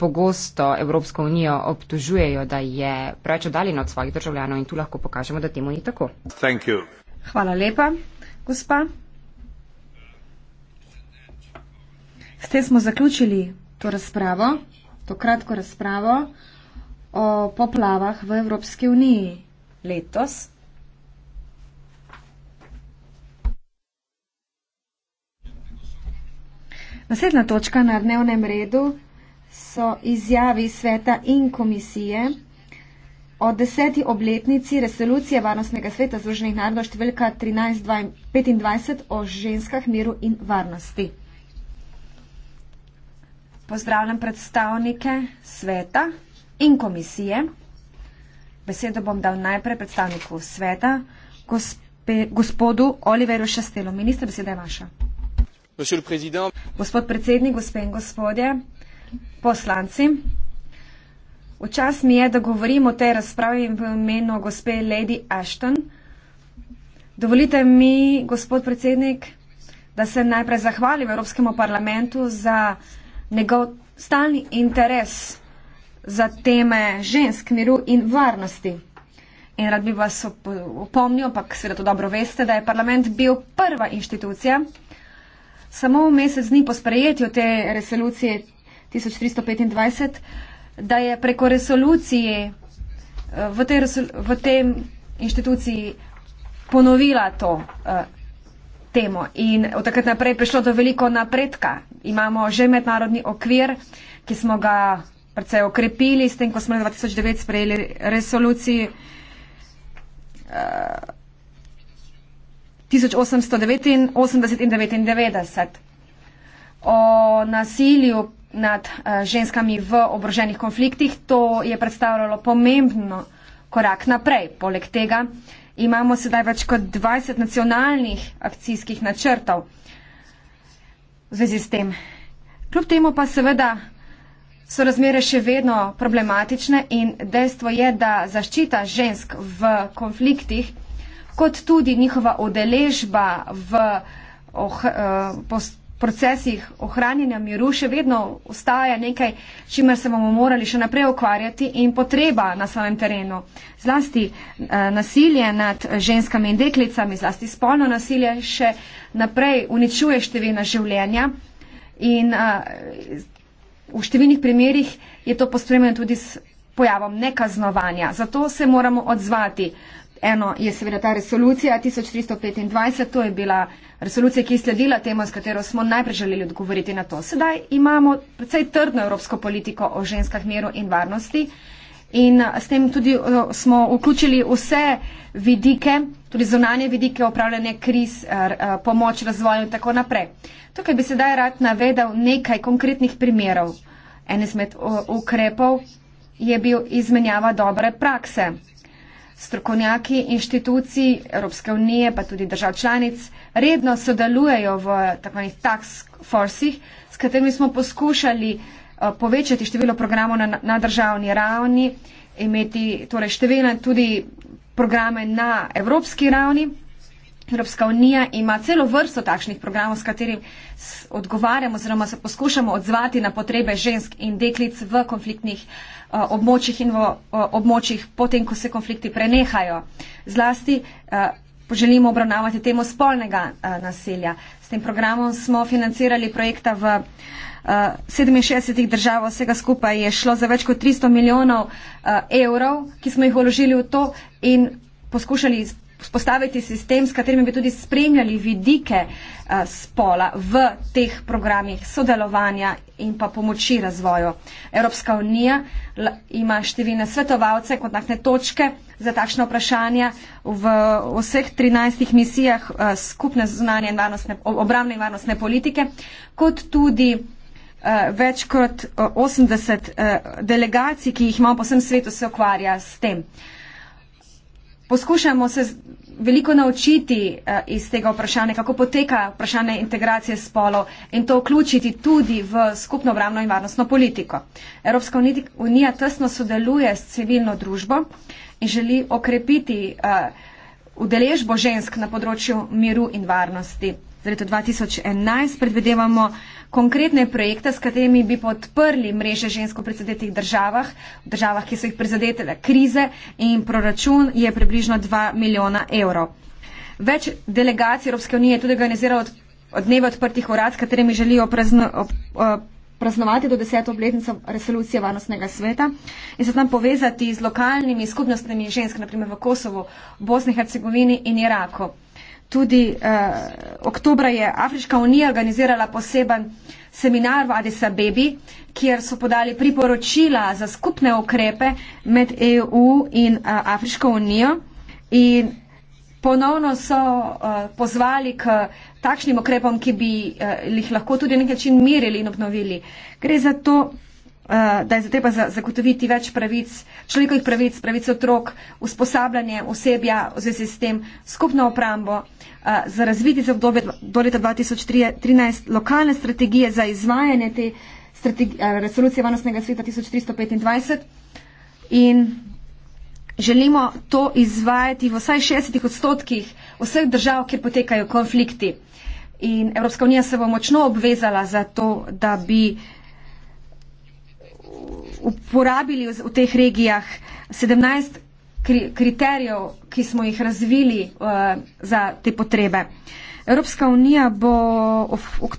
pogosto Evropsko unijo obtožujejo, da je preveč oddaljena od svojih državljanov in tu lahko pokažemo, da temu ni tako. Hvala lepa, gospa. S tem smo zaključili to razpravo, to kratko razpravo o poplavah v Evropski uniji letos. Naslednja točka na dnevnem redu so izjavi sveta in komisije o deseti obletnici resolucije Varnostnega sveta Združenih narodov številka 1325 o ženskah, miru in varnosti. Pozdravljam predstavnike sveta in komisije. Besedo bom dal najprej predstavniku sveta, gospe, gospodu Oliveru Šastelu. Ministr, beseda je vaša. Gospod predsednik, gospe in gospodje, poslanci. V čas mi je, da govorim o tej razpravi v imenu gospe Lady Ashton. Dovolite mi, gospod predsednik, da se najprej zahvalim Evropskemu parlamentu za njegov stalni interes za teme žensk, miru in varnosti. In rad bi vas opomnil, ampak seveda to dobro veste, da je parlament bil prva inštitucija. Samo mesec dni po sprejetju te resolucije 1325, da je preko resolucije eh, v, te resol v tem inštituciji ponovila to uh, temo in od takrat naprej prišlo do veliko napredka. Imamo že mednarodni okvir, ki smo ga predvsej okrepili s tem, ko smo v 2009 sprejeli resoluciji uh, eh, 1889 in 1899 o nasilju nad eh, ženskami v oboroženih konfliktih. To je predstavljalo pomembno korak naprej. Poleg tega imamo sedaj več kot 20 nacionalnih akcijskih načrtov v zvezi s tem. Kljub temu pa seveda so razmere še vedno problematične in dejstvo je, da zaščita žensk v konfliktih, kot tudi njihova odeležba v oh, eh, postopku, procesih ohranjanja miru še vedno ostaja nekaj, čimer se bomo morali še naprej ukvarjati in potreba na samem terenu. Zlasti eh, nasilje nad ženskami in deklicami, zlasti spolno nasilje še naprej uničuje številna življenja in eh, v številnih primerjih je to pospremljeno tudi s pojavom nekaznovanja. Zato se moramo odzvati. Eh, Eno je seveda ta resolucija 1325, to je bila resolucija, ki je sledila temu, s katero smo najprej želeli odgovoriti na to. Sedaj imamo precej trdno evropsko politiko o ženskah miru in varnosti in eh, s tem tudi eh, smo vključili vse vidike, tudi zonanje vidike upravljanja kriz, eh, pomoč razvoju in tako naprej. Tukaj bi sedaj rad navedel nekaj konkretnih primerov. En izmed ukrepov je bil izmenjava dobre prakse. Strokovnjaki inštitucij Evropske unije, pa tudi držav članic, redno sodelujejo v tako imenih tax forcih, s katerimi smo poskušali eh, povečati število programov na, na državni ravni, imeti torej številne tudi programe na evropski ravni. Evropska unija ima celo vrsto takšnih programov, s katerim odgovarjamo oziroma se poskušamo odzvati na potrebe žensk in deklic v konfliktnih eh, območjih in v eh, območjih potem, ko se konflikti prenehajo. Zlasti eh, poželimo obravnavati temo spolnega nasilja. S tem programom smo financirali projekta v 67 držav, vsega skupaj je šlo za več kot 300 milijonov evrov, ki smo jih vložili v to in poskušali izpraviti vzpostaviti sistem, s katerim bi tudi spremljali vidike eh, spola v teh programih sodelovanja in pa pomoči razvoju. Evropska unija ima številne svetovalce, kontaktne točke za takšne vprašanja v vseh 13 misijah eh, skupne zunanje in varnostne, obramne in varnostne politike, kot tudi eh, več kot 80 delegacij, ki jih ima po vsem svetu, se ukvarja s tem poskušamo se veliko naučiti eh, iz tega vprašanja, kako poteka vprašanje integracije spolov in to vključiti tudi v skupno obramno in varnostno politiko. Evropska unija tesno sodeluje s civilno družbo in želi okrepiti eh, udeležbo žensk na področju miru in varnosti. Za leto 2011 predvidevamo konkretne projekte, s katerimi bi podprli mreže žensk v prizadetih državah, v državah, ki so jih prizadetele krize in proračun je približno 2 milijona evrov. Več delegacij Evropske unije je tudi organiziralo od, od dneva odprtih urad, s katerimi želijo prazno, ob, ob, praznovati do deseto obletnico resolucije varnostnega sveta in se tam povezati z lokalnimi skupnostnimi žensk, naprimer v Kosovo, Bosni, Hercegovini in Iraku tudi eh, oktober je Afriška unija organizirala poseben seminar v Adisa Bebi, kjer so podali priporočila za skupne ukrepe med EU in eh, Afriško unijo in ponovno so eh, pozvali k takšnim ukrepom, ki bi eh, jih lahko tudi na nek način mirili in obnovili. Gre za to, Eh, da je treba zagotoviti več pravic, človekovih pravic, pravic otrok, usposabljanje osebja oziroma sistem, skupno obrambo, eh, za razviti za obdobje do leta 2013 lokalne strategije za izvajanje te eh, resolucije varnostnega sveta 1325 in želimo to izvajati v vsaj 60 odstotkih vseh držav, kjer potekajo konflikti. In Evropska unija se bo močno obvezala za to, da bi uh, uporabili v, v teh regijah 17 kri, kriterijev, ki smo jih razvili uh, za te potrebe. Evropska unija bo of, ok,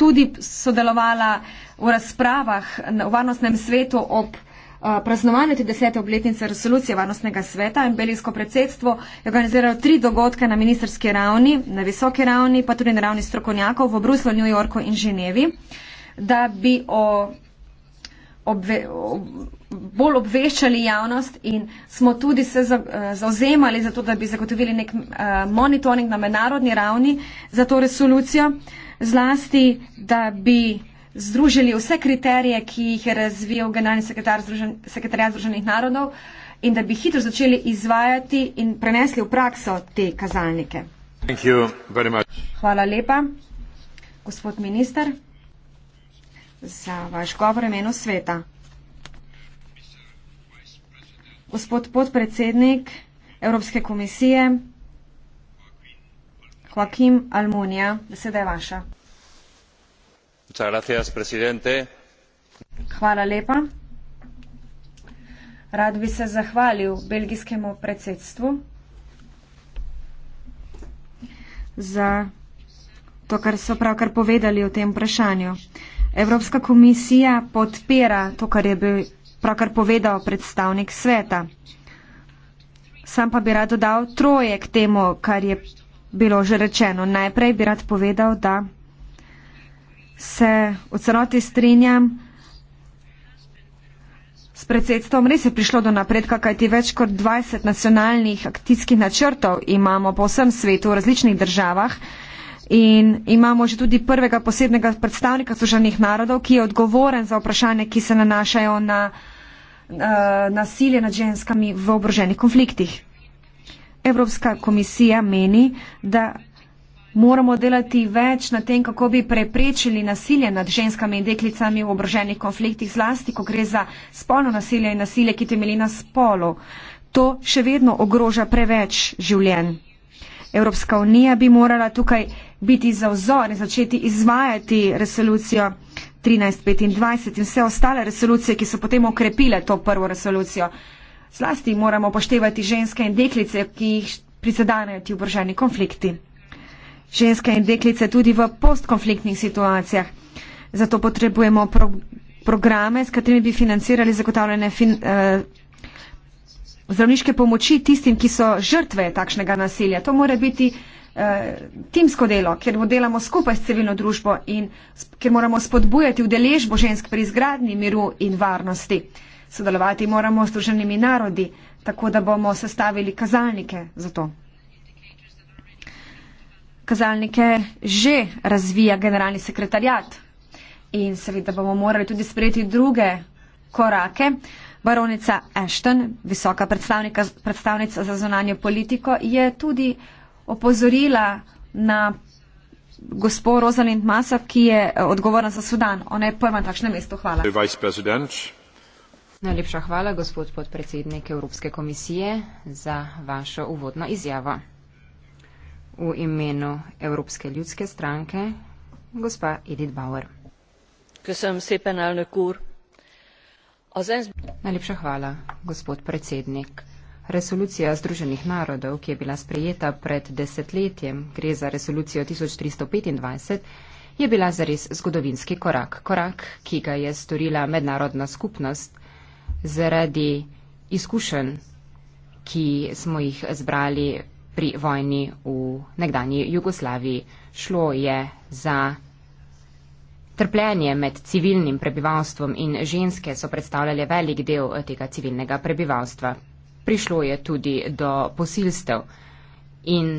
tudi sodelovala v razpravah na varnostnem svetu ob eh, praznovanje te desete obletnice resolucije Varnostnega sveta in belijsko predsedstvo je organiziralo tri dogodke na ministerski ravni, na visoki ravni, pa tudi na ravni strokovnjakov v Bruslu, New Yorku in Ženevi, da bi o obve, ob, bolj obveščali javnost in smo tudi se za, zauzemali za to, da bi zagotovili nek uh, monitoring na mednarodni ravni za to resolucijo, zlasti, da bi združili vse kriterije, ki jih je razvijal generalni sekretar Združen, sekretarja Združenih narodov in da bi hitro začeli izvajati in prenesli v prakso te kazalnike. Hvala lepa, gospod minister za vaš govor imenu sveta. Gospod podpredsednik Evropske komisije, Joakim Almunija, beseda je vaša. Hvala lepa. Rad bi se zahvalil belgijskemu predsedstvu za to, kar so pravkar povedali o tem vprašanju. Evropska komisija podpira to, kar je bil pravkar povedal predstavnik sveta. Sam pa bi rad dodal troje k temu, kar je bilo že rečeno. Najprej bi rad povedal, da se v celoti strinjam s predsedstvom. Res je prišlo do napredka, kajti več kot 20 nacionalnih akcijskih načrtov imamo po vsem svetu v različnih državah in imamo že tudi prvega posebnega predstavnika Združenih narodov, ki je odgovoren za vprašanje, ki se nanašajo na nasilje nad ženskami v obroženih konfliktih. Evropska komisija meni, da moramo delati več na tem, kako bi preprečili nasilje nad ženskami in deklicami v obroženih konfliktih, zlasti, ko gre za spolno nasilje in nasilje, ki temeli na spolu. To še vedno ogroža preveč življenj. Evropska unija bi morala tukaj biti za vzor in začeti izvajati resolucijo 1325 in vse ostale resolucije, ki so potem okrepile to prvo resolucijo. Zlasti moramo poštevati ženske in deklice, ki jih prizadanejo ti obroženi konflikti. Ženske in deklice tudi v postkonfliktnih situacijah. Zato potrebujemo pro programe, s katerimi bi financirali zagotavljanje fin, eh, zdravniške pomoči tistim, ki so žrtve takšnega nasilja. To mora biti eh, timsko delo, ker delamo skupaj s civilno družbo in ker moramo spodbujati udeležbo žensk pri izgradni miru in varnosti. Sodelovati moramo s druženimi narodi, tako da bomo sestavili kazalnike za to. Kazalnike že razvija generalni sekretarjat in seveda bomo morali tudi sprejeti druge korake. Uh, Baronica Ashton, visoka predstavnica za zunanje politiko, je tudi opozorila na gospod Rosalind Masov, ki je eh, odgovoren za Sudan. Ona je pojma takšne mesto. Hvala. Najlepša hvala, gospod podpredsednik Evropske komisije, za vašo uvodno izjavo. V imenu Evropske ljudske stranke, gospa Edith Bauer. Ker sem se penalne kur. Najlepša hvala, gospod predsednik. Resolucija Združenih narodov, ki je bila sprejeta pred desetletjem, gre za resolucijo 1325, je bila zares zgodovinski korak. Korak, ki ga je storila mednarodna skupnost zaradi izkušenj, ki smo jih zbrali pri vojni v nekdani Jugoslaviji. Šlo je za Trpljenje med civilnim prebivalstvom in ženske so predstavljale velik del eh, tega civilnega prebivalstva. Prišlo je tudi do posilstev in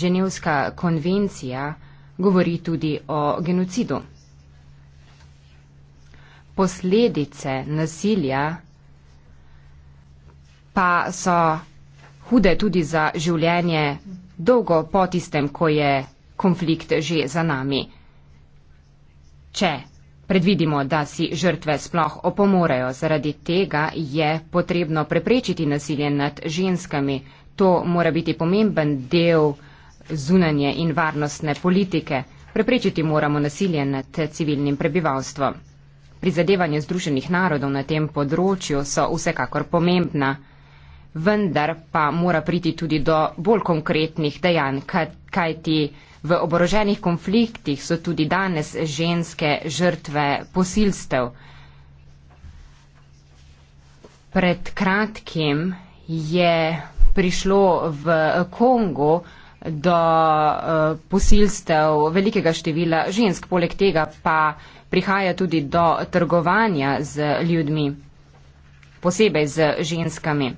Ženevska konvencija govori tudi o genocidu. Posledice nasilja pa so hude tudi za življenje dolgo po tistem, ko je konflikt že za nami. Če predvidimo, da si žrtve sploh opomorejo, zaradi tega je potrebno preprečiti nasilje nad ženskami. To mora biti pomemben del zunanje in varnostne politike. Preprečiti moramo nasilje nad civilnim prebivalstvom. Prizadevanje Združenih narodov na tem področju so vsekakor pomembna, vendar pa mora priti tudi do bolj konkretnih dejanj, kaj, kaj ti V oboroženih konfliktih so tudi danes ženske žrtve posilstev. Pred kratkim je prišlo v Kongo do eh, posilstev velikega števila žensk, poleg tega pa prihaja tudi do trgovanja z ljudmi, posebej z ženskami.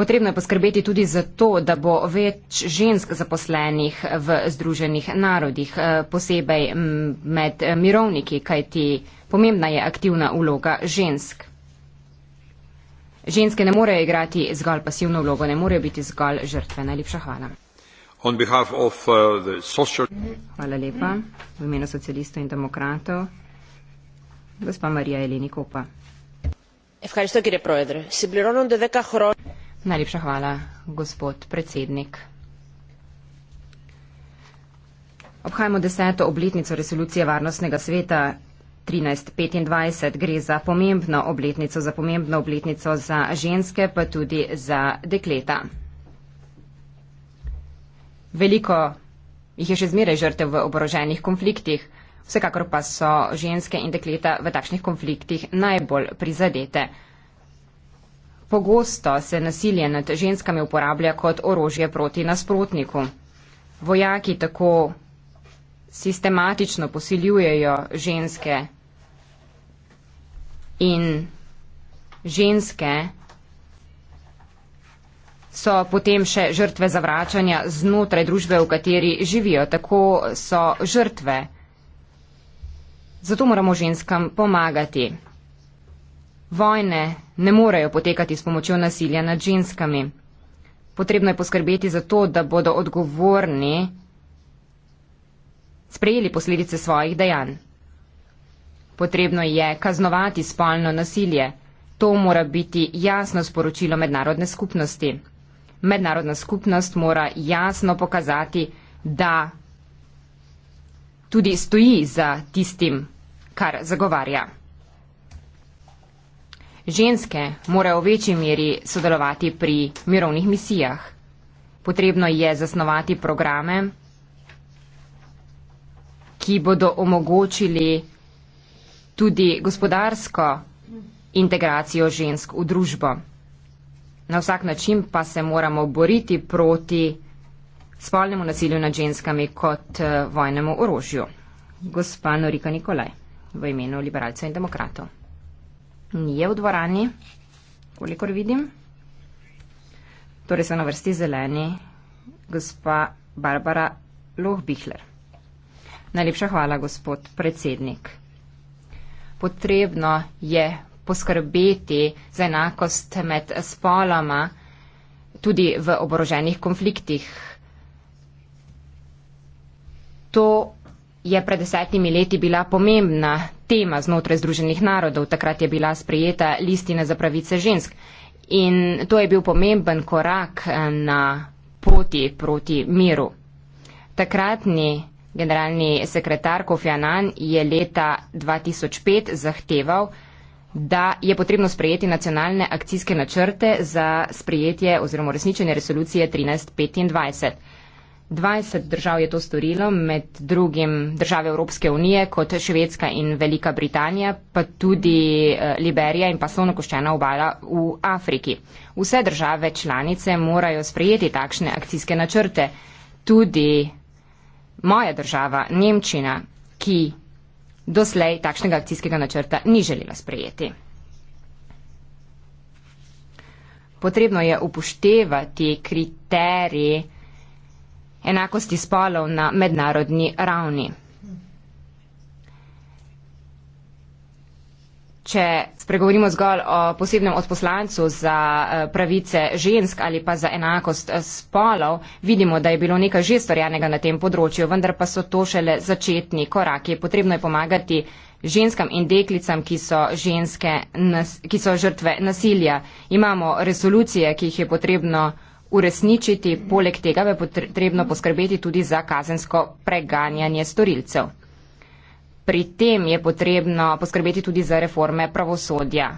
Potrebno je poskrbeti tudi za to, da bo več žensk zaposlenih v Združenih narodih, eh, posebej med eh, mirovniki, kajti pomembna je aktivna vloga žensk. Ženske ne morejo igrati zgolj pasivno vlogo, ne morejo biti zgolj žrtve. Najlepša hvala. Of, uh, social... Hvala lepa v imenu socialistov in demokratov. Gospa Marija Elini Kopa. Hvala lepa, gospod predsednik. Najlepša hvala, gospod predsednik. Obhajamo deseto obletnico resolucije Varnostnega sveta 1325. Gre za pomembno obletnico, za pomembno obletnico za ženske, pa tudi za dekleta. Veliko jih je še zmeraj žrtev v oboroženih konfliktih, vsekakor pa so ženske in dekleta v takšnih konfliktih najbolj prizadete. Pogosto se nasilje nad ženskami uporablja kot orožje proti nasprotniku. Vojaki tako sistematično posiljujejo ženske in ženske so potem še žrtve zavračanja znotraj družbe, v kateri živijo. Tako so žrtve. Zato moramo ženskam pomagati. Vojne ne morejo potekati s pomočjo nasilja nad ženskami. Potrebno je poskrbeti za to, da bodo odgovorni sprejeli posledice svojih dejanj. Potrebno je kaznovati spolno nasilje. To mora biti jasno sporočilo mednarodne skupnosti. Mednarodna skupnost mora jasno pokazati, da tudi stoji za tistim, kar zagovarja. Ženske morajo v večji meri sodelovati pri mirovnih misijah. Potrebno je zasnovati programe, ki bodo omogočili tudi gospodarsko integracijo žensk v družbo. Na vsak način pa se moramo boriti proti spolnemu nasilju nad ženskami kot eh, vojnemu orožju. Gospa Norika Nikolaj, v imenu liberalcev in demokratov ni v dvorani, kolikor vidim. Torej so na vrsti zeleni gospa Barbara Lohbihler. Najlepša hvala, gospod predsednik. Potrebno je poskrbeti za enakost med spoloma tudi v oboroženih konfliktih. To je pred desetimi leti bila pomembna tema znotraj Združenih narodov. Takrat je bila sprejeta listina za pravice žensk. In to je bil pomemben korak eh, na poti proti miru. Takratni generalni sekretar Kofi Annan je leta 2005 zahteval, da je potrebno sprejeti nacionalne akcijske načrte za sprejetje oziroma resničenje resolucije 1325. 20 držav je to storilo, med drugim države Evropske unije kot Švedska in Velika Britanija, pa tudi eh, Liberija in pasovno koščena obala v Afriki. Vse države članice morajo sprejeti takšne akcijske načrte. Tudi moja država, Nemčina, ki doslej takšnega akcijskega načrta ni želela sprejeti. Potrebno je upoštevati kriterije, enakosti spolov na mednarodni ravni. Če spregovorimo zgolj o posebnem odposlancu za eh, pravice žensk ali pa za enakost eh, spolov, vidimo, da je bilo nekaj že storjenega na tem področju, vendar pa so to šele začetni koraki. Potrebno je pomagati ženskam in deklicam, ki so, ženske, ki so žrtve nasilja. Imamo resolucije, ki jih je potrebno uresničiti. Poleg tega je potrebno poskrbeti tudi za kazensko preganjanje storilcev. Pri tem je potrebno poskrbeti tudi za reforme pravosodja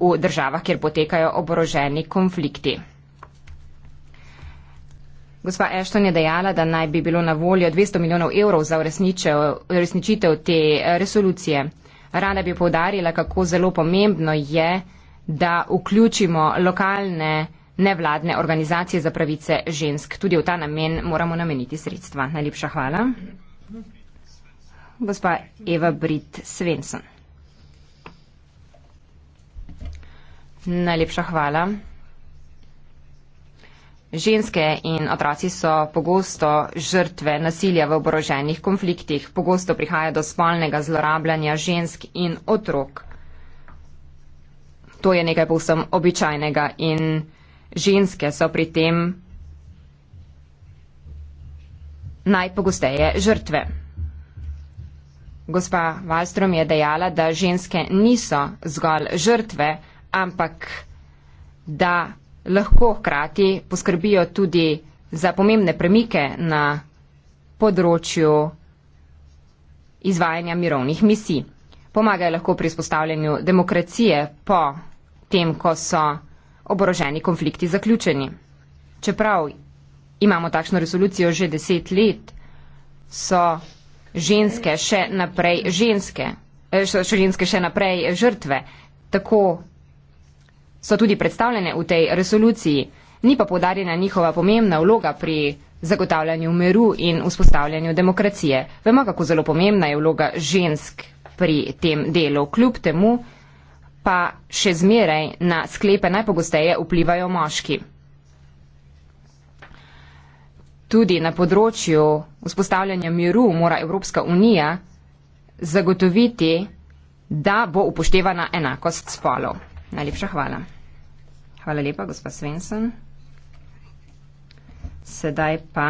v državah, kjer potekajo oboroženi konflikti. Gospa Ešton je dejala, da naj bi bilo na voljo 200 milijonov evrov za uresničitev te eh, resolucije. Rada bi povdarjala, kako zelo pomembno je, da vključimo lokalne nevladne organizacije za pravice žensk. Tudi v ta namen moramo nameniti sredstva. Najlepša hvala. Gospa Eva Brit Svensson. Najlepša hvala. Ženske in otroci so pogosto žrtve nasilja v oboroženih konfliktih, pogosto prihaja do spolnega zlorabljanja žensk in otrok. To je nekaj povsem običajnega in nekaj. Ženske so pri tem najpogosteje žrtve. Gospa Valstrom je dejala, da ženske niso zgolj žrtve, ampak da lahko hkrati poskrbijo tudi za pomembne premike na področju izvajanja mirovnih misij. Pomagajo lahko pri spostavljanju demokracije po tem, ko so oboroženi konflikti zaključeni. Čeprav imamo takšno resolucijo že deset let, so ženske še naprej ženske, še ženske še naprej žrtve. Tako so tudi predstavljene v tej resoluciji, ni pa podarjena njihova pomembna vloga pri zagotavljanju miru in vzpostavljanju demokracije. Vemo, kako zelo pomembna je vloga žensk pri tem delu. Kljub temu, pa še zmeraj na sklepe najpogosteje vplivajo moški. Tudi na področju vzpostavljanja miru mora Evropska unija zagotoviti, da bo upoštevana enakost spolov. Najlepša hvala. Hvala lepa, gospa Svensson. Sedaj pa.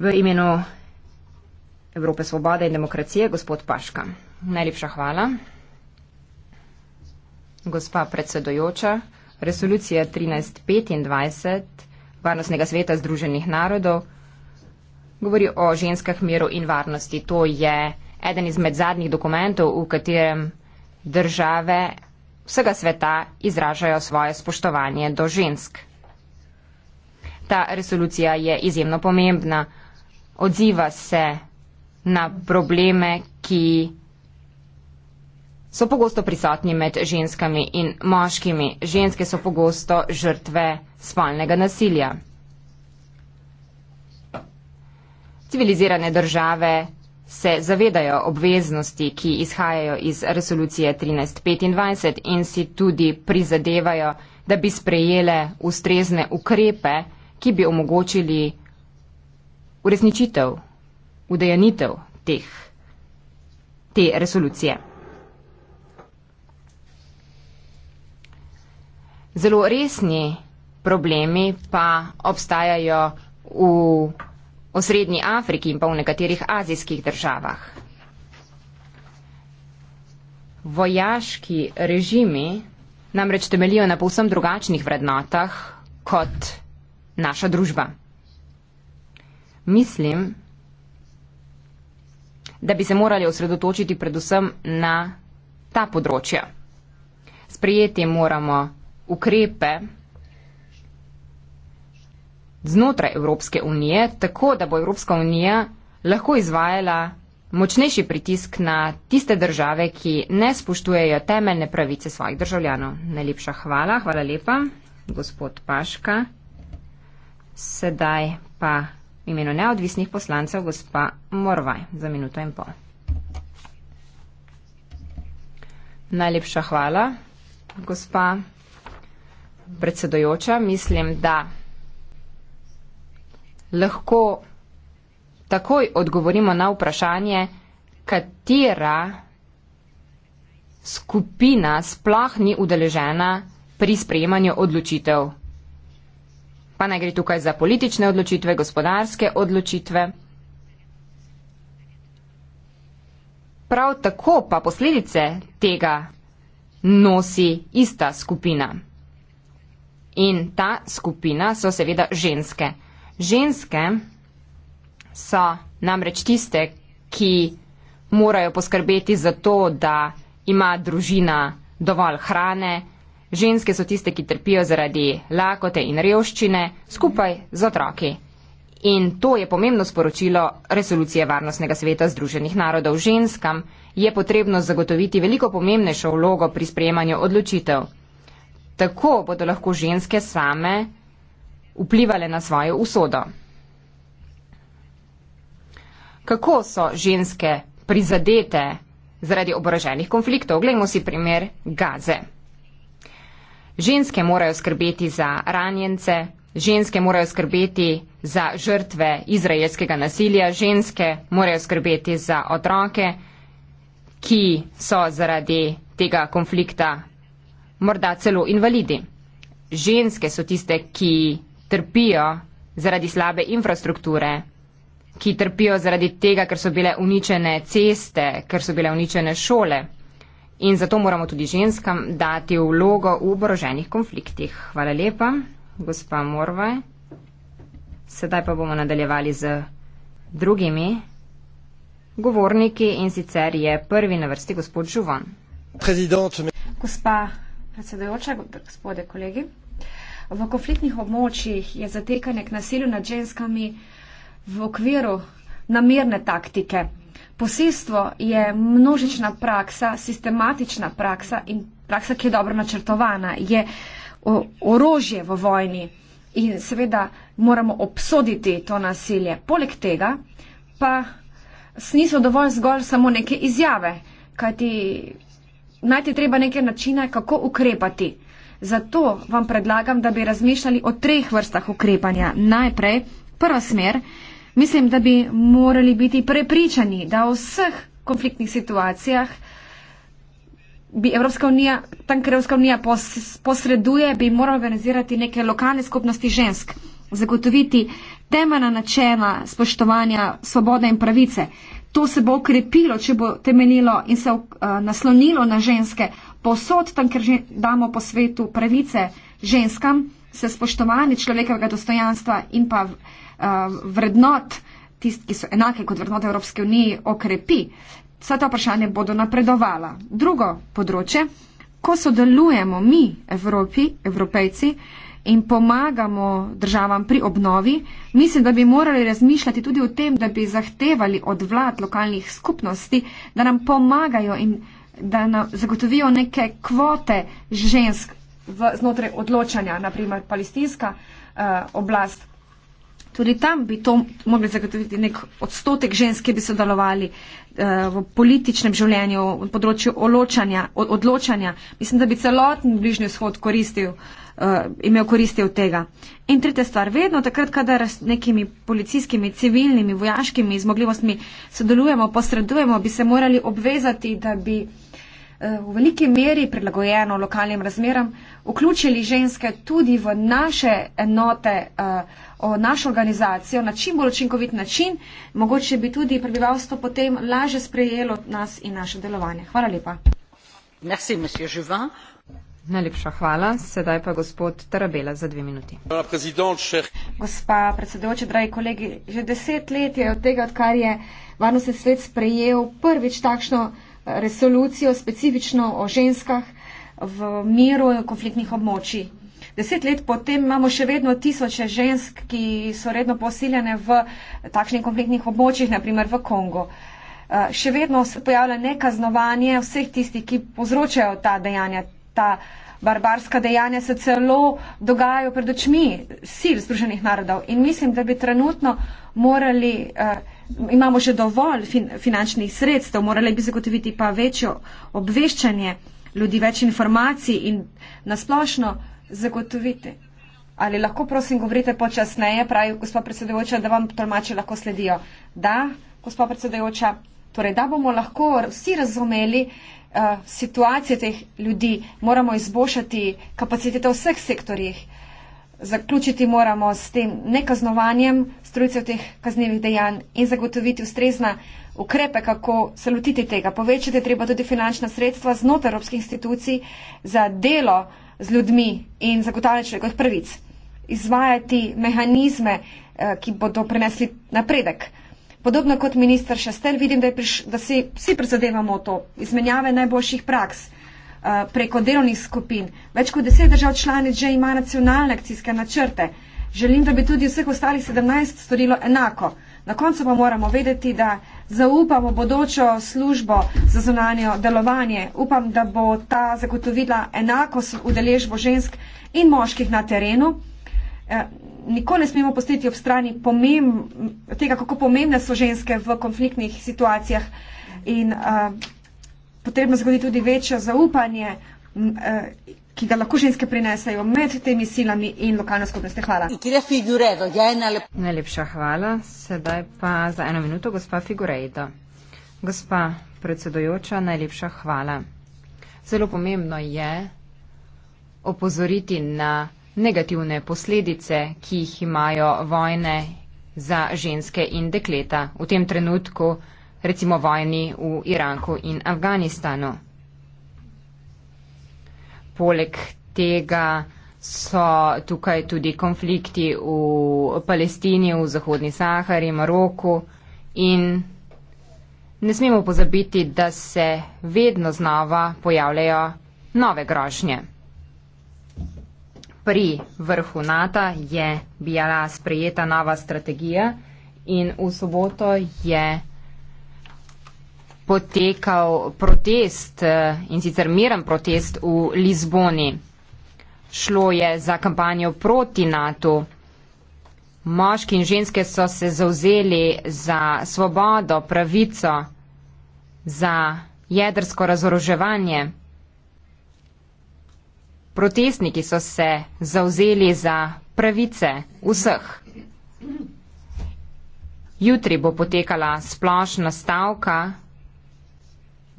V imenu Evrope Svobode in demokracije, gospod Paška. Najlepša hvala. Gospa predsedojoča, resolucija 1325 Varnostnega sveta Združenih narodov govori o ženskah miru in varnosti. To je eden izmed zadnjih dokumentov, v katerem države vsega sveta izražajo svoje spoštovanje do žensk. Ta resolucija je izjemno pomembna. Odziva se na probleme, ki so pogosto prisotni med ženskami in moškimi. Ženske so pogosto žrtve spolnega nasilja. Civilizirane države se zavedajo obveznosti, ki izhajajo iz resolucije 1325 in si tudi prizadevajo, da bi sprejele ustrezne ukrepe, ki bi omogočili uresničitev udejanitev teh, te resolucije. Zelo resni problemi pa obstajajo v osrednji Afriki in pa v nekaterih azijskih državah. Vojaški režimi namreč temelijo na povsem drugačnih vrednotah kot naša družba. Mislim, da bi se morali osredotočiti predvsem na ta področja. Sprijeti moramo ukrepe znotraj Evropske unije, tako da bo Evropska unija lahko izvajala močnejši pritisk na tiste države, ki ne spoštujejo temeljne pravice svojih državljanov. Najlepša hvala, hvala lepa, gospod Paška. Sedaj pa V imenu neodvisnih poslancev gospa Morvaj za minuto in pol. Najlepša hvala, gospa predsedojoča. Mislim, da lahko takoj odgovorimo na vprašanje, katera skupina sploh ni udeležena pri sprejemanju odločitev pa ne gre tukaj za politične odločitve, gospodarske odločitve. Prav tako pa posledice tega nosi ista skupina. In ta skupina so seveda ženske. Ženske so namreč tiste, ki morajo poskrbeti za to, da ima družina dovolj hrane, Ženske so tiste, ki trpijo zaradi lakote in revščine, skupaj z otroki. In to je pomembno sporočilo resolucije Varnostnega sveta Združenih narodov ženskam, je potrebno zagotoviti veliko pomembnejšo vlogo pri sprejemanju odločitev. Tako bodo lahko ženske same vplivali na svojo usodo. Kako so ženske prizadete zaradi oboroženih konfliktov? Glejmo si primer Gaze. Ženske morajo skrbeti za ranjence, ženske morajo skrbeti za žrtve izraelskega nasilja, ženske morajo skrbeti za otroke, ki so zaradi tega konflikta morda celo invalidi. Ženske so tiste, ki trpijo zaradi slabe infrastrukture, ki trpijo zaradi tega, ker so bile uničene ceste, ker so bile uničene šole. In zato moramo tudi ženskam dati vlogo v oboroženih konfliktih. Hvala lepa, gospa Morvaj. Sedaj pa bomo nadaljevali z drugimi govorniki in sicer je prvi na vrsti gospod Žuvan. Gospa predsedujoča, gospode kolegi. V konfliktnih območjih je zatekanje k nasilju nad ženskami v okviru namirne taktike, Posestvo je množična praksa, sistematična praksa in praksa, ki je dobro načrtovana, je orožje v vojni in seveda moramo obsoditi to nasilje. Poleg tega pa niso dovolj zgolj samo neke izjave, kajti najti treba neke načine, kako ukrepati. Zato vam predlagam, da bi razmišljali o treh vrstah ukrepanja. Najprej prva smer. Mislim, da bi morali biti prepričani, da v vseh konfliktnih situacijah bi Evropska unija, tam, kjer Evropska unija posreduje, bi morala organizirati neke lokalne skupnosti žensk, zagotoviti temeljna načela spoštovanja svobode in pravice. To se bo ukrepilo, če bo temeljilo in se uh, naslonilo na ženske posod, tam, kjer damo po svetu pravice ženskam, se spoštovanje človekovega dostojanstva in pa uh, vrednot, tist, ki so enake kot vrednote Evropske unije, okrepi, vsa ta vprašanja bodo napredovala. Drugo področje, ko sodelujemo mi, Evropi, Evropejci, in pomagamo državam pri obnovi, mislim, da bi morali razmišljati tudi o tem, da bi zahtevali od vlad lokalnih skupnosti, da nam pomagajo in da nam zagotovijo neke kvote žensk v, znotraj odločanja, naprimer palestinska uh, oblast tudi tam bi to mogli zagotoviti nek odstotek žensk, ki bi sodelovali eh, v političnem življenju, v področju oločanja, odločanja. Mislim, da bi celoten bližnji vzhod koristil, eh, imel koristi od tega. In tretja stvar, vedno takrat, kadar s nekimi policijskimi, civilnimi, vojaškimi zmogljivostmi sodelujemo, posredujemo, bi se morali obvezati, da bi eh, v veliki meri prilagojeno lokalnim razmeram vključili ženske tudi v naše enote. Uh, našo organizacijo na čim bolj učinkovit način, mogoče bi tudi prebivalstvo potem laže sprejelo nas in naše delovanje. Hvala lepa. Merci, Najlepša hvala. Sedaj pa gospod Tarabela za dve minuti. Gospa predsedujoča, dragi kolegi, že deset let je od tega, odkar je Varnostni svet sprejel prvič takšno eh, resolucijo specifično o ženskah v miru in konfliktnih območjih deset let potem imamo še vedno tisoče žensk, ki so redno posiljene v takšnih konfliktnih območjih, naprimer v Kongo. Eh, še vedno se pojavlja nekaznovanje vseh tistih, ki povzročajo ta dejanja, ta barbarska dejanja se celo dogajajo pred očmi sil Združenih narodov. In mislim, da bi trenutno morali, eh, imamo že dovolj fin finančnih sredstev, morali bi zagotoviti pa večjo obveščanje ljudi, več informacij in nasplošno zagotoviti. Ali lahko, prosim, govorite počasneje, pravi gospod predsedujoča, da vam tolmači lahko sledijo. Da, gospod predsedujoča, torej, da bomo lahko vsi razumeli uh, situacijo teh ljudi, moramo izboljšati kapacitete v vseh sektorjih. Zaključiti moramo s tem nekaznovanjem strojcev teh kaznjivih dejanj in zagotoviti ustrezna ukrepe, kako se lotiti tega. Povečati treba tudi finančna sredstva znotraj evropskih institucij za delo. Uh, z ljudmi in zagotavljanje človekovih prvic, izvajati mehanizme, eh, ki bodo prinesli napredek. Podobno kot minister Šester, vidim, da, priš, da si vsi prizadevamo to, izmenjave najboljših praks eh, preko delovnih skupin. Več kot deset držav članic že ima nacionalne akcijske načrte. Želim, da bi tudi vseh ostalih sedemnajst storilo enako. Na koncu pa moramo vedeti, da zaupamo bodočo službo za zunanje delovanje. Upam, da bo ta zagotovila enakost udeležbo žensk in moških na terenu. Eh, nikoli ne smemo postiti ob strani pomem, tega, kako pomembne so ženske v konfliktnih situacijah in uh, potrebno zgoditi tudi večjo zaupanje uh, ki ga lahko ženske prenesajo med temi silami in lokalno skupnosti. Hvala. Ja, najlepša hvala. Sedaj pa za eno minuto gospa Figurejdo. Gospa predsedojoča, najlepša hvala. Zelo pomembno je opozoriti na negativne posledice, ki jih imajo vojne za ženske in dekleta v tem trenutku, recimo vojni v Iranku in Afganistanu poleg tega so tukaj tudi konflikti v Palestini, v Zahodni Sahari, Maroku in ne smemo pozabiti, da se vedno znova pojavljajo nove grožnje. Pri vrhu NATO je bila sprejeta nova strategija in v soboto je potekal protest eh, in sicer miren protest v Lizboni. Šlo je za kampanjo proti NATO. Moški in ženske so se zauzeli za svobodo, pravico, za jedrsko razoroževanje. Protestniki so se zauzeli za pravice vseh. Jutri bo potekala splošna stavka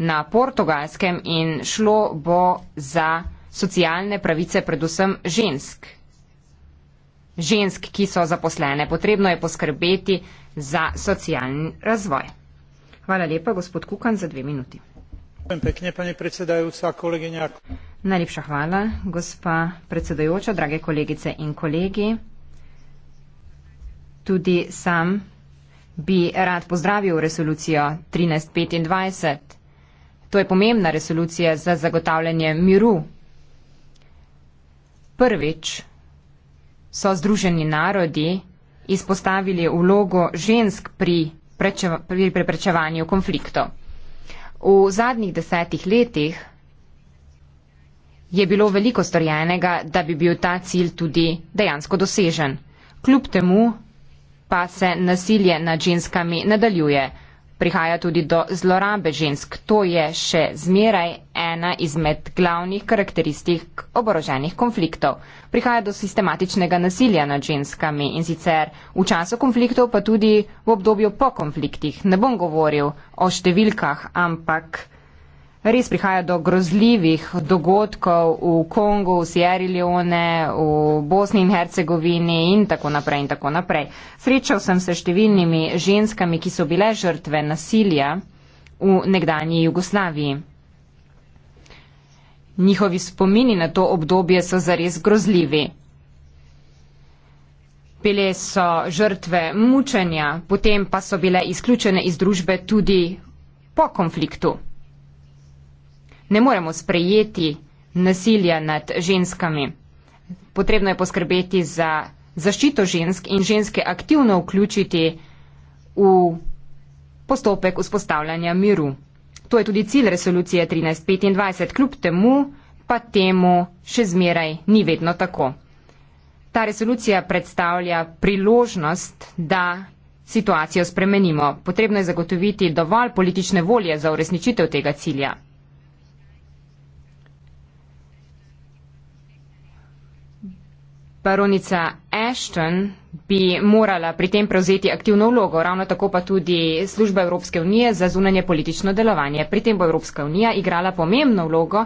na portugalskem in šlo bo za socialne pravice predvsem žensk. Žensk, ki so zaposlene. Potrebno je poskrbeti za socialni razvoj. Hvala lepa, gospod Kukan, za dve minuti. Najlepša hvala, gospa predsedajoča, drage kolegice in kolegi. Tudi sam bi rad pozdravil resolucijo 1325. To je pomembna resolucija za zagotavljanje miru. Prvič so Združeni narodi izpostavili vlogo žensk pri, prečeva, pri preprečevanju konflikto. V zadnjih desetih letih je bilo veliko storjenega, da bi bil ta cilj tudi dejansko dosežen. Kljub temu pa se nasilje nad ženskami nadaljuje prihaja tudi do zlorabe žensk. To je še zmeraj ena izmed glavnih karakteristik oboroženih konfliktov. Prihaja do sistematičnega nasilja nad ženskami in sicer v času konfliktov, pa tudi v obdobju po konfliktih. Ne bom govoril o številkah, ampak. Res prihaja do grozljivih dogodkov v Kongu, v Sierra Leone, v Bosni in Hercegovini in tako naprej in tako naprej. Srečal sem se številnimi ženskami, ki so bile žrtve nasilja v nekdanji Jugoslaviji. Njihovi spomini na to obdobje so zares grozljivi. Bile so žrtve mučenja, potem pa so bile izključene iz družbe tudi po konfliktu ne moremo sprejeti nasilja nad ženskami. Potrebno je poskrbeti za zaščito žensk in ženske aktivno vključiti v postopek vzpostavljanja miru. To je tudi cilj resolucije 1325, kljub temu pa temu še zmeraj ni vedno tako. Ta resolucija predstavlja priložnost, da situacijo spremenimo. Potrebno je zagotoviti dovolj politične volje za uresničitev tega cilja. Baronica Ashton bi morala pri tem prevzeti aktivno vlogo, ravno tako pa tudi služba Evropske unije za zunanje politično delovanje. Pri tem bo Evropska unija igrala pomembno vlogo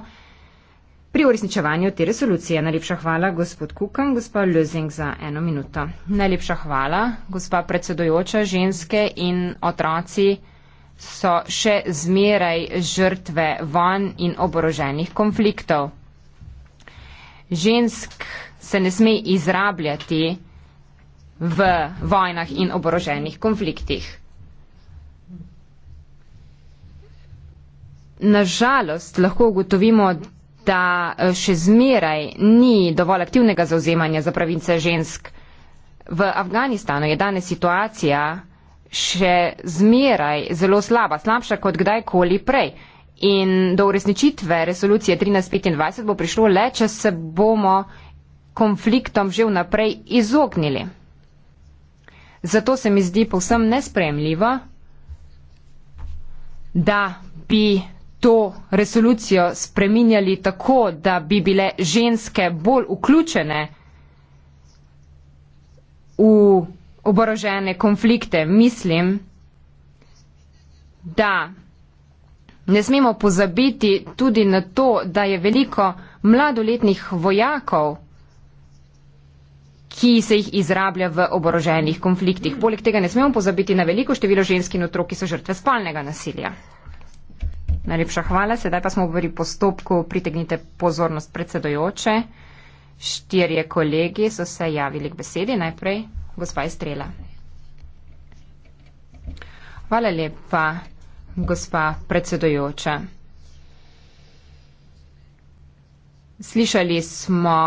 pri uresničevanju te resolucije. Najlepša hvala, gospod Kukan, gospa Lözing, za eno minuto. Najlepša hvala, gospa predsedojoča, ženske in otroci so še zmeraj žrtve vojn in oboroženih konfliktov žensk se ne sme izrabljati v vojnah in oboroženih konfliktih. Nažalost lahko ugotovimo, da eh, še zmeraj ni dovolj aktivnega zauzemanja za pravice žensk. V Afganistanu je danes situacija še zmeraj zelo slaba, slabša kot kdajkoli prej. In do uresničitve resolucije 1325 bo prišlo le, če se bomo konfliktom že vnaprej izognili. Zato se mi zdi povsem nespremljivo, da bi to resolucijo spreminjali tako, da bi bile ženske bolj vključene v oborožene konflikte. Mislim, da Ne smemo pozabiti tudi na to, da je veliko mladoletnih vojakov, ki se jih izrablja v oboroženih konfliktih. Poleg tega ne smemo pozabiti na veliko število žensk in otrok, ki so žrtve spalnega nasilja. Najlepša hvala. Sedaj pa smo v postopku. Pritegnite pozornost predsedojoče. Štirje kolegi so se javili k besedi. Najprej gospa Estrela. Hvala lepa gospa predsedojoča. Slišali smo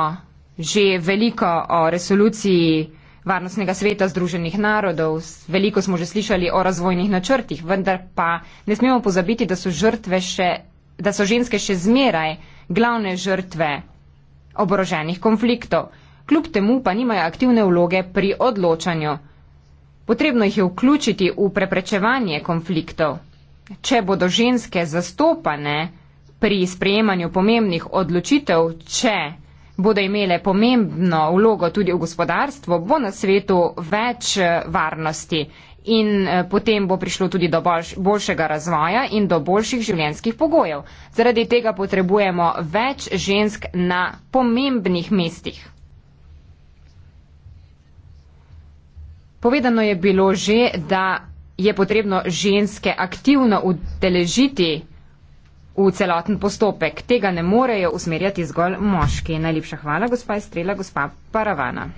že veliko o resoluciji Varnostnega sveta Združenih narodov, veliko smo že slišali o razvojnih načrtih, vendar pa ne smemo pozabiti, da so, še, da so ženske še zmeraj glavne žrtve oboroženih konfliktov. Kljub temu pa nimajo aktivne vloge pri odločanju. Potrebno jih je vključiti v preprečevanje konfliktov če bodo ženske zastopane pri sprejemanju pomembnih odločitev, če bodo imele pomembno vlogo tudi v gospodarstvu, bo na svetu več eh, varnosti in eh, potem bo prišlo tudi do boljšega razvoja in do boljših življenjskih pogojev. Zaradi tega potrebujemo več žensk na pomembnih mestih. Povedano je bilo že, da je potrebno ženske aktivno udeležiti v celoten postopek. Tega ne morejo usmerjati zgolj moški. Najlepša hvala, gospa Estrela, gospa Paravana.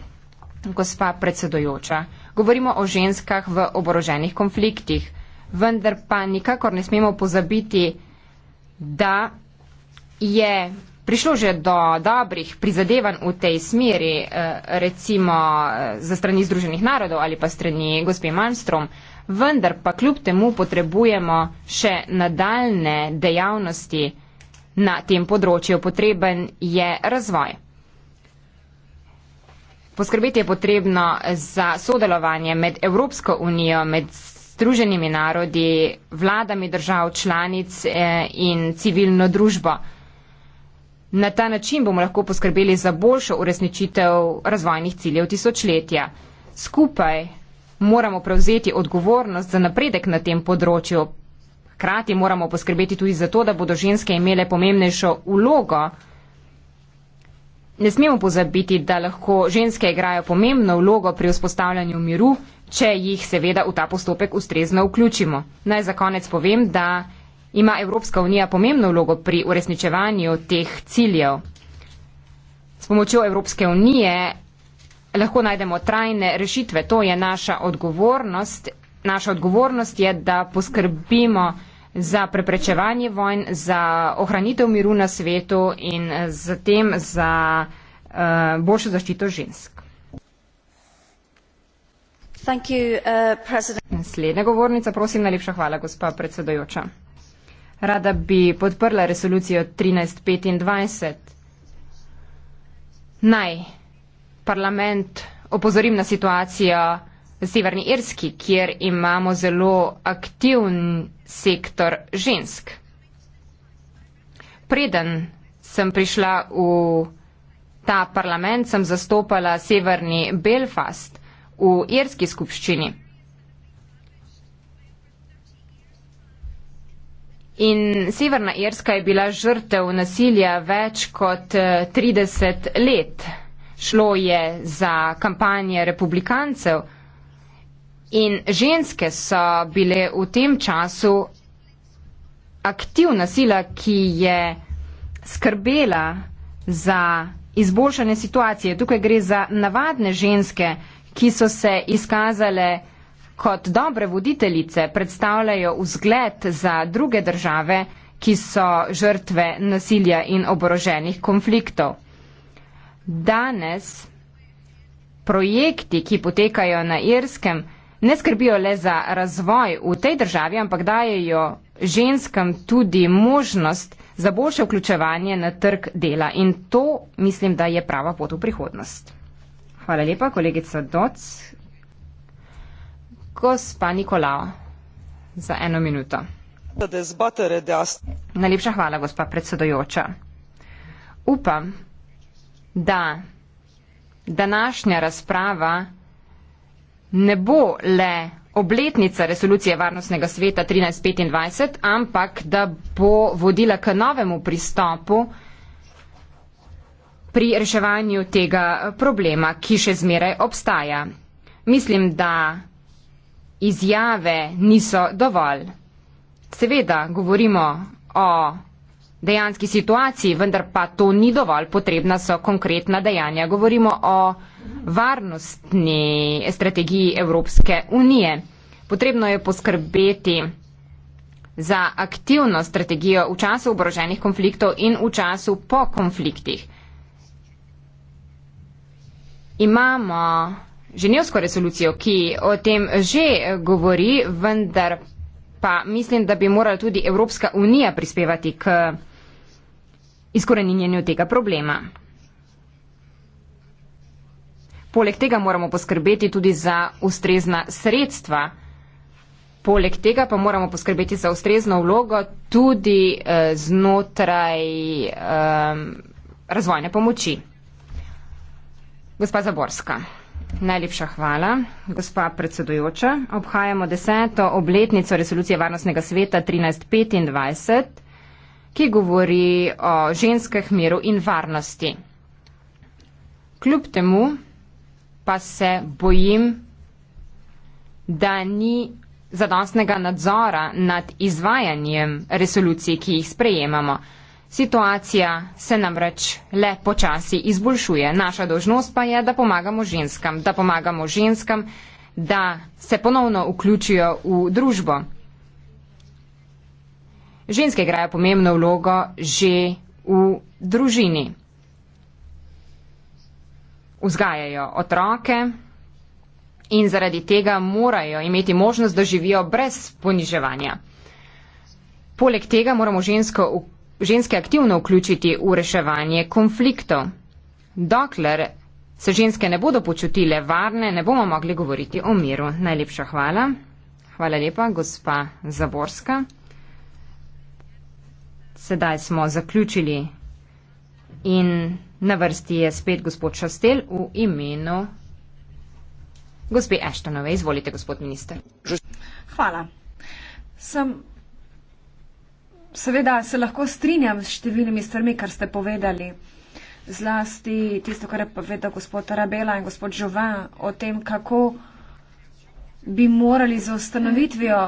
Gospa predsedojoča, govorimo o ženskah v oboroženih konfliktih, vendar pa nikakor ne smemo pozabiti, da je prišlo že do dobrih prizadevanj v tej smeri, eh, recimo eh, za strani Združenih narodov ali pa strani gospe Manstrom vendar pa kljub temu potrebujemo še nadaljne dejavnosti na tem področju. Potreben je razvoj. Poskrbeti je potrebno za sodelovanje med Evropsko unijo, med Združenimi narodi, vladami držav članic eh, in civilno družbo. Na ta način bomo lahko poskrbeli za boljšo uresničitev razvojnih ciljev tisočletja. Skupaj moramo prevzeti odgovornost za napredek na tem področju. Hkrati moramo poskrbeti tudi za to, da bodo ženske imele pomembnejšo ulogo. Ne smemo pozabiti, da lahko ženske igrajo pomembno vlogo pri vzpostavljanju miru, če jih seveda v ta postopek ustrezno vključimo. Naj za konec povem, da ima Evropska unija pomembno vlogo pri uresničevanju teh ciljev. S pomočjo Evropske unije lahko najdemo trajne rešitve. To je naša odgovornost. Naša odgovornost je, da poskrbimo za preprečevanje vojn, za ohranitev miru na svetu in zatem eh, za uh, boljšo zaščito žensk. You, uh, Naslednja govornica, prosim, najlepša hvala, gospa predsedojoča. Rada bi podprla resolucijo 1325. Naj parlament opozorim na situacijo v Severni Irski, kjer imamo zelo aktivn sektor žensk. Preden sem prišla v ta parlament, sem zastopala Severni Belfast v Irski skupščini. In Severna Irska je bila žrtev nasilja več kot 30 eh, let. Šlo je za kampanje republikancev in ženske so bile v tem času aktivna sila, ki je skrbela za izboljšanje situacije. Tukaj gre za navadne ženske, ki so se izkazale kot dobre voditeljice, predstavljajo vzgled za druge države, ki so žrtve nasilja in oboroženih konfliktov danes projekti, ki potekajo na Irskem, ne skrbijo le za razvoj v tej državi, ampak dajejo ženskam tudi možnost za boljše vključevanje na trg dela. In to mislim, da je prava pot v prihodnost. Hvala lepa, kolegica Doc. Gospa Nikolao, za eno minuto. Najlepša hvala, gospa predsedojoča. Upam, da današnja razprava ne bo le obletnica resolucije Varnostnega sveta 1325, ampak da bo vodila k novemu pristopu pri reševanju tega problema, ki še zmeraj obstaja. Mislim, da izjave niso dovolj. Seveda govorimo o dejanski situaciji, vendar pa to ni dovolj, potrebna so konkretna dejanja. Govorimo o varnostni strategiji Evropske unije. Potrebno je poskrbeti za aktivno strategijo v času oboroženih konfliktov in v času po konfliktih. Imamo ženevsko resolucijo, ki o tem že govori, vendar pa mislim, da bi morala tudi Evropska unija prispevati k izkoreninjenju tega problema. Poleg tega moramo poskrbeti tudi za ustrezna sredstva. Poleg tega pa moramo poskrbeti za ustrezno vlogo tudi eh, znotraj eh, razvojne pomoči. Gospa Zaborska, najlepša hvala. Gospa predsedujoča, obhajamo deseto obletnico resolucije Varnostnega sveta 1325 ki govori o ženskah miru in varnosti. Kljub temu pa se bojim, da ni zadostnega nadzora nad izvajanjem resolucij, ki jih sprejemamo. Situacija se namreč le počasi izboljšuje. Naša dožnost pa je, da pomagamo ženskam, da pomagamo ženskam, da se ponovno vključijo v družbo ženske igrajo pomembno vlogo že v družini. Vzgajajo otroke in zaradi tega morajo imeti možnost, da živijo brez poniževanja. Poleg tega moramo žensko, ženske aktivno vključiti v reševanje konfliktov. Dokler se ženske ne bodo počutile varne, ne bomo mogli govoriti o miru. Najlepša hvala. Hvala lepa, gospa Zaborska sedaj smo zaključili. In na vrsti je spet gospod Šastel v imenu gospe Eštonove. Izvolite, gospod minister. Hvala. Sem seveda se lahko strinjam s številnimi stvarmi, kar ste povedali. Zlasti tisto, kar je povedal gospod Arabela in gospod Žovan o tem, kako bi morali za ustanovitvijo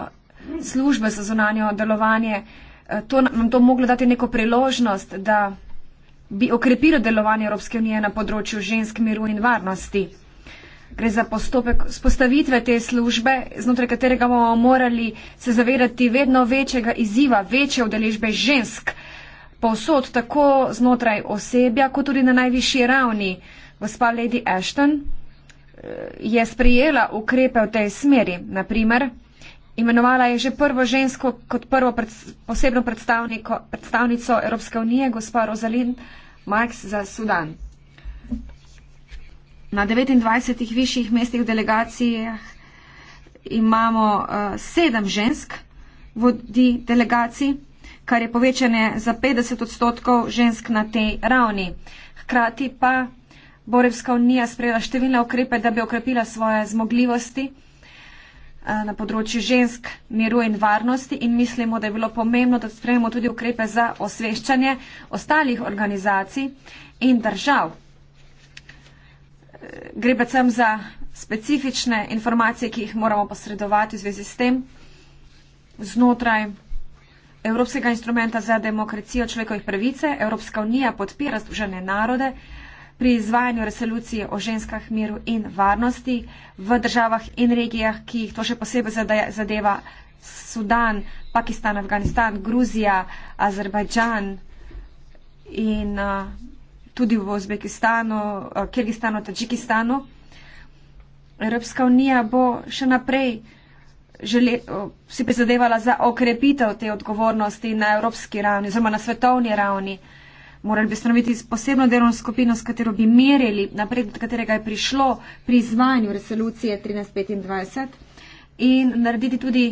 službe za zunanje delovanje Eh, to, nam to moglo dati neko priložnost, da bi okrepilo delovanje Evropske unije na področju žensk, miru in varnosti. Gre za postopek spostavitve te službe, znotraj katerega bomo morali se zavedati vedno večjega izziva, večje udeležbe žensk, povsod, tako znotraj osebja, kot tudi na najvišji ravni. Gospa Lady Ashton eh, je sprejela ukrepe v tej smeri, naprimer Imenovala je že prvo žensko kot prvo pred, posebno predstavnico Evropske unije, gospa Rozalin Marks za Sudan. Na 29 višjih mestih delegacijah imamo uh, sedem žensk vodi delegacij, kar je povečanje za 50 odstotkov žensk na tej ravni. Hkrati pa bo Evropska unija sprejela številne ukrepe, da bi okrepila svoje zmogljivosti. Eh, na področju žensk, miru in varnosti in mislimo, da je bilo pomembno, da sprejemo tudi ukrepe za osveščanje ostalih organizacij in držav. Eh, gre predvsem za specifične informacije, ki jih moramo posredovati v zvezi s tem znotraj Evropskega instrumenta za demokracijo človekovih pravice. Evropska unija podpira združene narode pri izvajanju resolucije o ženskah miru in varnosti v državah in regijah, ki jih to še posebej zadeva Sudan, Pakistan, Afganistan, Gruzija, Azerbajdžan in uh, tudi v Uzbekistanu, uh, Kyrgyzstanu, Tadžikistanu. Evropska unija bo še naprej žele, uh, si prizadevala za okrepitev te odgovornosti na evropski ravni oziroma na svetovni ravni. Uh, morali bi ustanoviti posebno delovno skupino, s katero bi merili napred, do katerega je prišlo pri izvanju resolucije 1325 in narediti tudi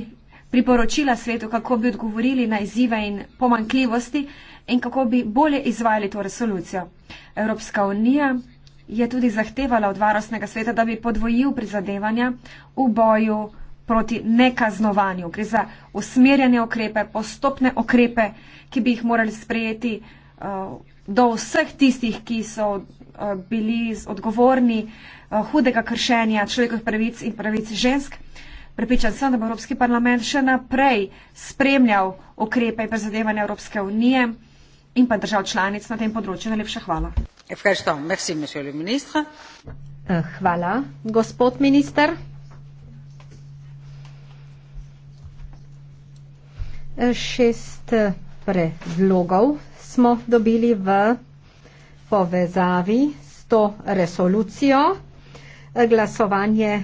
priporočila svetu, kako bi odgovorili na izzive in pomankljivosti in kako bi bolje izvajali to resolucijo. Evropska unija je tudi zahtevala od varostnega sveta, da bi podvojil prizadevanja v boju proti nekaznovanju. Gre za usmerjene okrepe, postopne okrepe, ki bi jih morali sprejeti Eh, do vseh tistih, ki so eh, bili odgovorni eh, hudega kršenja človekovih pravic in pravic žensk. Prepričan sem, da bo Evropski parlament še naprej spremljal ukrepe in prizadevanja Evropske unije in pa držav članic na tem področju. Najlepša hvala. Hvala, gospod minister. Šest predlogov smo dobili v povezavi s to resolucijo. Glasovanje